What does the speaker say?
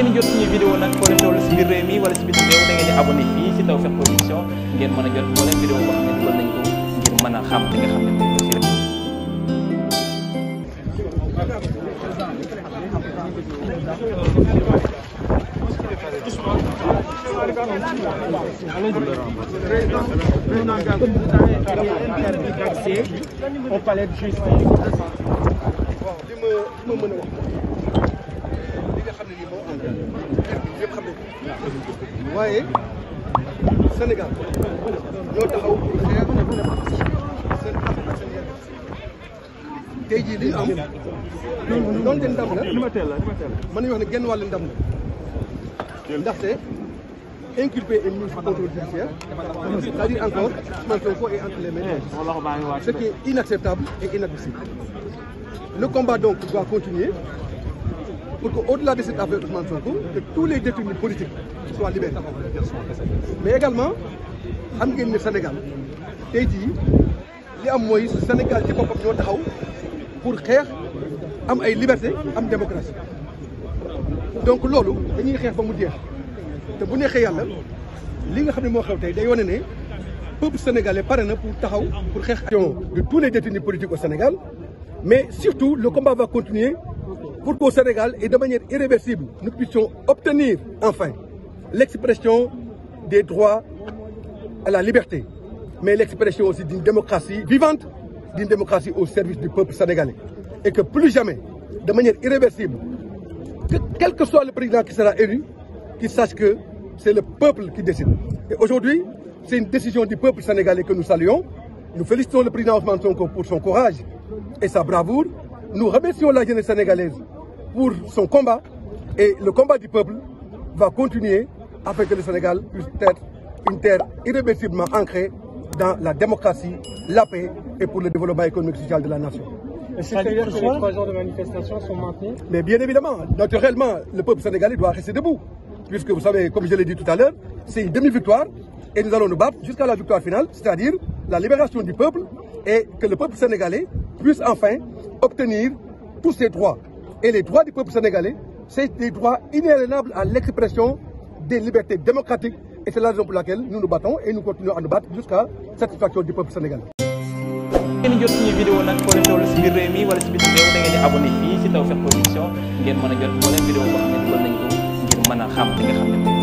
ngeen jot suñu vidéo nag foo leen toll si biir réew mi wala si biti réew da ngeen di abonné fii si Tawfekh Production ngeen mën a jot moo leen vidéo boo xam ne dugal nañ ko ngir mën a xam li nga xam ne moom la rek. au palais de justice. waaw li ma li ma mën a wax li nga xam ne nii moo am. waaye Sénégal ñoo taxaw pour xeex seen àq ak seen yelleef tey jii li am doonte ndam la mën nañu wax ne genn wàllu ndam la ndaxte inculpé et mis sous contrôle judiciaire encore Ousmane Sonko est entre les mains ce qui inacceptable et inadmissible le combat donc doit continuer pour qu'au-delà de cette affaire Ousmane Sonko, que tous les détenus politiques soient libérés. Mais également, xam ngeen ne Sénégal tey jii li am mooy Sénégal ci boppam ñoo taxaw pour xeex am ay liberté am démocratie donc loolu dañuy xeex ba mu jeex te bu neexee yàlla li nga xam ne moo xew tey day wane ne peuple sénégalais pare na pour taxaw pour xeex action de tous les détenus politiques au Sénégal mais surtout le combat va continuer pour qu'au Sénégal et de manière irréversible, nous puissions obtenir enfin l'expression des droits à la liberté, mais l'expression aussi d'une démocratie vivante, d'une démocratie au service du peuple sénégalais. Et que plus jamais, de manière irréversible, que quel que soit le président qui sera élu, qu'il sache que c'est le peuple qui décide. Et aujourd'hui, c'est une décision du peuple sénégalais que nous saluons. Nous félicitons le président Ousmane Sonko Nous remercions la jeunesse sénégalaise pour son combat et le combat du peuple va continuer afin que le Sénégal puisse être une terre irréversiblement ancrée dans la démocratie, la paix et pour le développement économique social de la nation. Mais bien évidemment, naturellement, le peuple sénégalais doit rester debout. Puisque vous savez, comme je l'ai dit tout à l'heure, c'est une demi-victoire et nous allons nous battre jusqu'à la victoire finale, c'est-à-dire la libération du peuple obtenir tous ces droits. Et les droits du peuple sénégalais, c'est des droits inaliénables à l'expression des libertés démocratiques. Et c'est la raison pour laquelle nous nous battons et nous continuons à nous battre jusqu'à satisfaction du peuple sénégalais. di abonné fii si Tawfekh a jot moo leen a